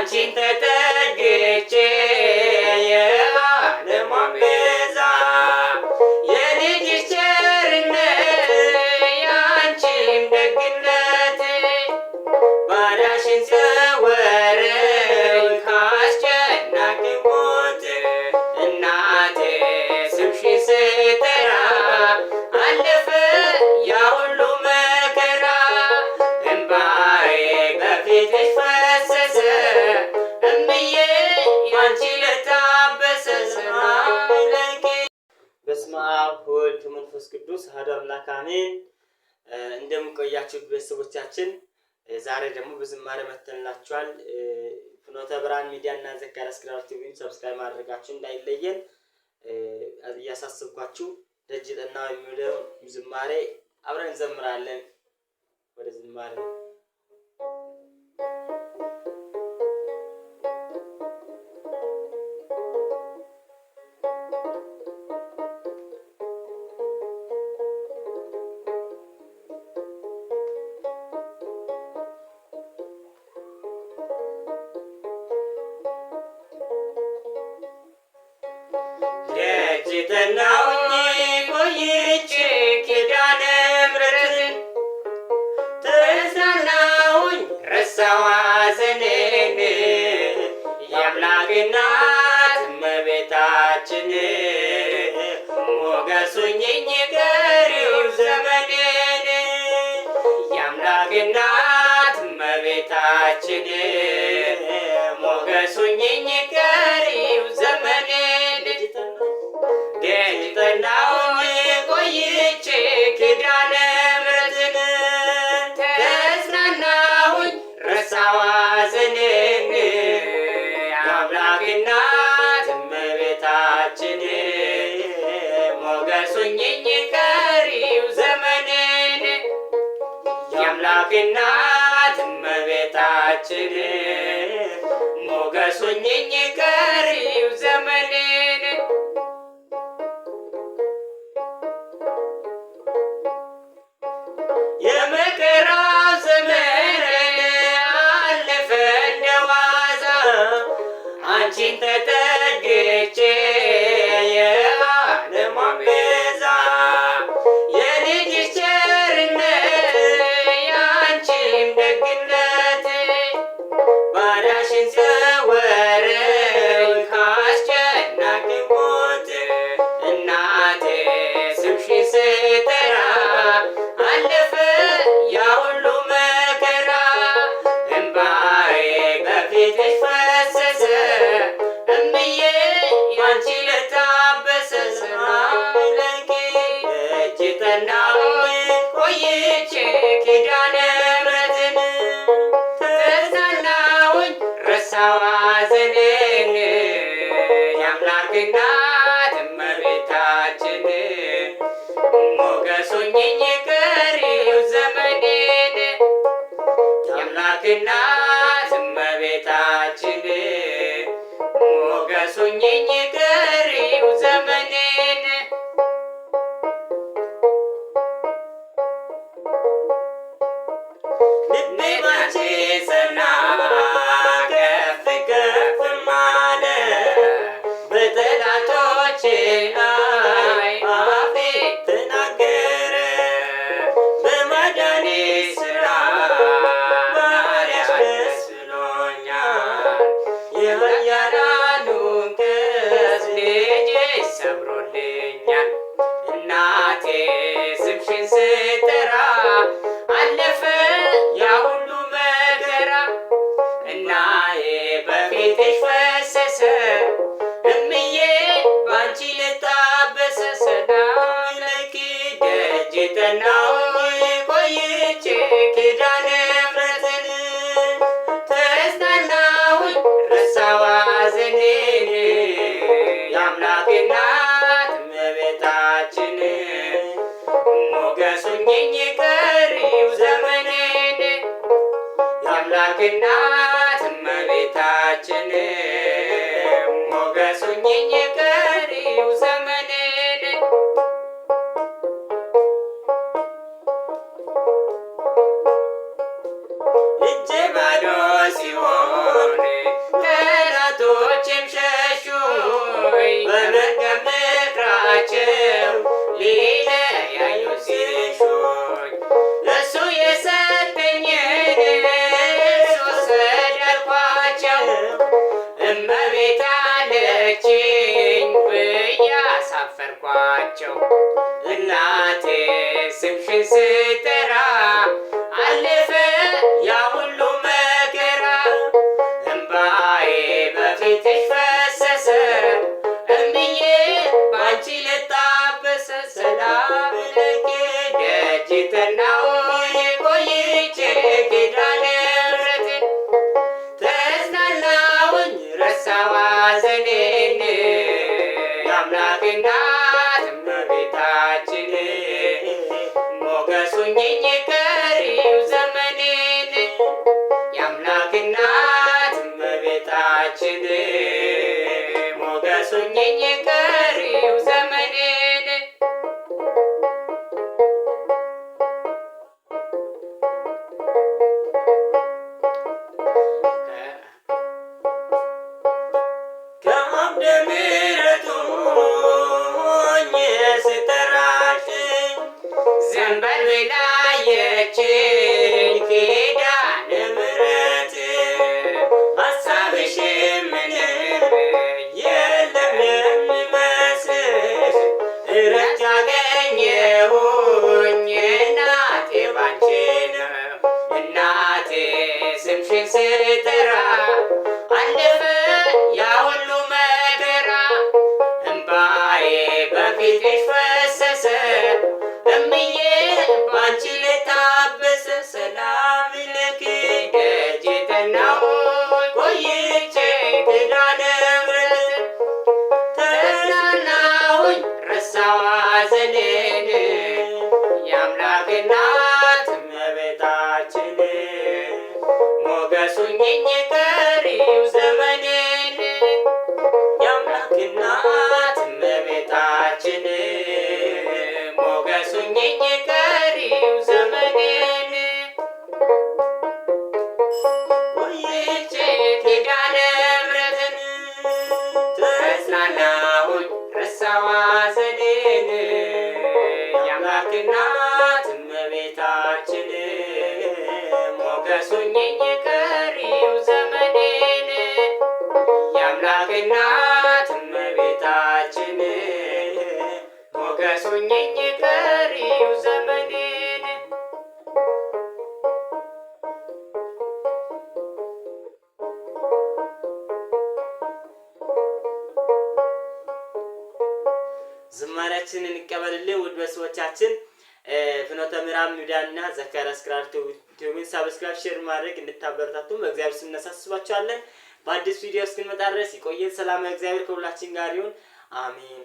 Cinta tak kecil አሜን። እንደምንቆያችሁ ቤተሰቦቻችን፣ ዛሬ ደግሞ በዝማሬ መተንላችኋል። ፍኖተ ብርሃን ሚዲያ እና ዘካርያስ ክራር ቲቪን ሰብስክራይብ ማድረጋችሁ እንዳይለየን እያሳስብኳችሁ፣ ደጅ ጠናው የሚለው ዝማሬ አብረን እንዘምራለን። ወደ ዝማሬ የተናውኝ ቆይቼ ኪዳነ ምሕረትን ተሳናውኝ ረሳዋ ዘኔን የአምላክና እመቤታችን ሞገሱኝኝ ቀሪው ዘመኔን የአምላክና እመቤታችን ሞገሱኝኝ አምላክ እናት እመቤታችን ሞገሱኝኝ ቀሪው ዘመንን የአምላክ እናት እመቤታችን ሞገሱኝኝ አንቺን ተጠግቼ እናት እመቤታችን ሞገሱኝ ቀሪው ዘመኔን እናቴ ስምሽን ስጠራ አለፈ ያ ሁሉ መከራ እናዬ በፊትሽ ፈሰሰ እምዬ ባንቺ ደጅ ጠናው ያሰኘኝ ቀሪው ዘመኔን የአምላክ ዘይትሽ ፈሰሰ እምዬ ባንቺ ልታበሰ ሰላም ልኬ ደጅ ተናው የቆይቼ ኪዳነ nhẹ nhẹ እኔን የአምላክ እናት እመቤታችን ሞገሱኝኝ ቀሪው ዘመኔን የአምላክ እናት እመቤታችን ኪዳነ ምሕረትን ተጽናናሁኝ ረሳዋ ዘኔን እናት እመቤታችን ሞገሱኝኝ ቀሪው ዘመኔን የአምላክ እናት እመቤታችን ሞገሱኝኝ ዝማሪያችን እንቀበልልን። ውድ ቤተሰቦቻችን ፍኖተ ምዕራብ ሚዲያና ዘካርያስ አስክራር ቲዩብን ሳብስክራይብ፣ ሼር ማድረግ እንድታበረታቱም በእግዚአብሔር ስም እናሳስባችኋለን። በአዲስ ቪዲዮ እስክንመጣ ድረስ ይቆየን። ሰላም እግዚአብሔር ከሁላችን ጋር ይሁን። አሚን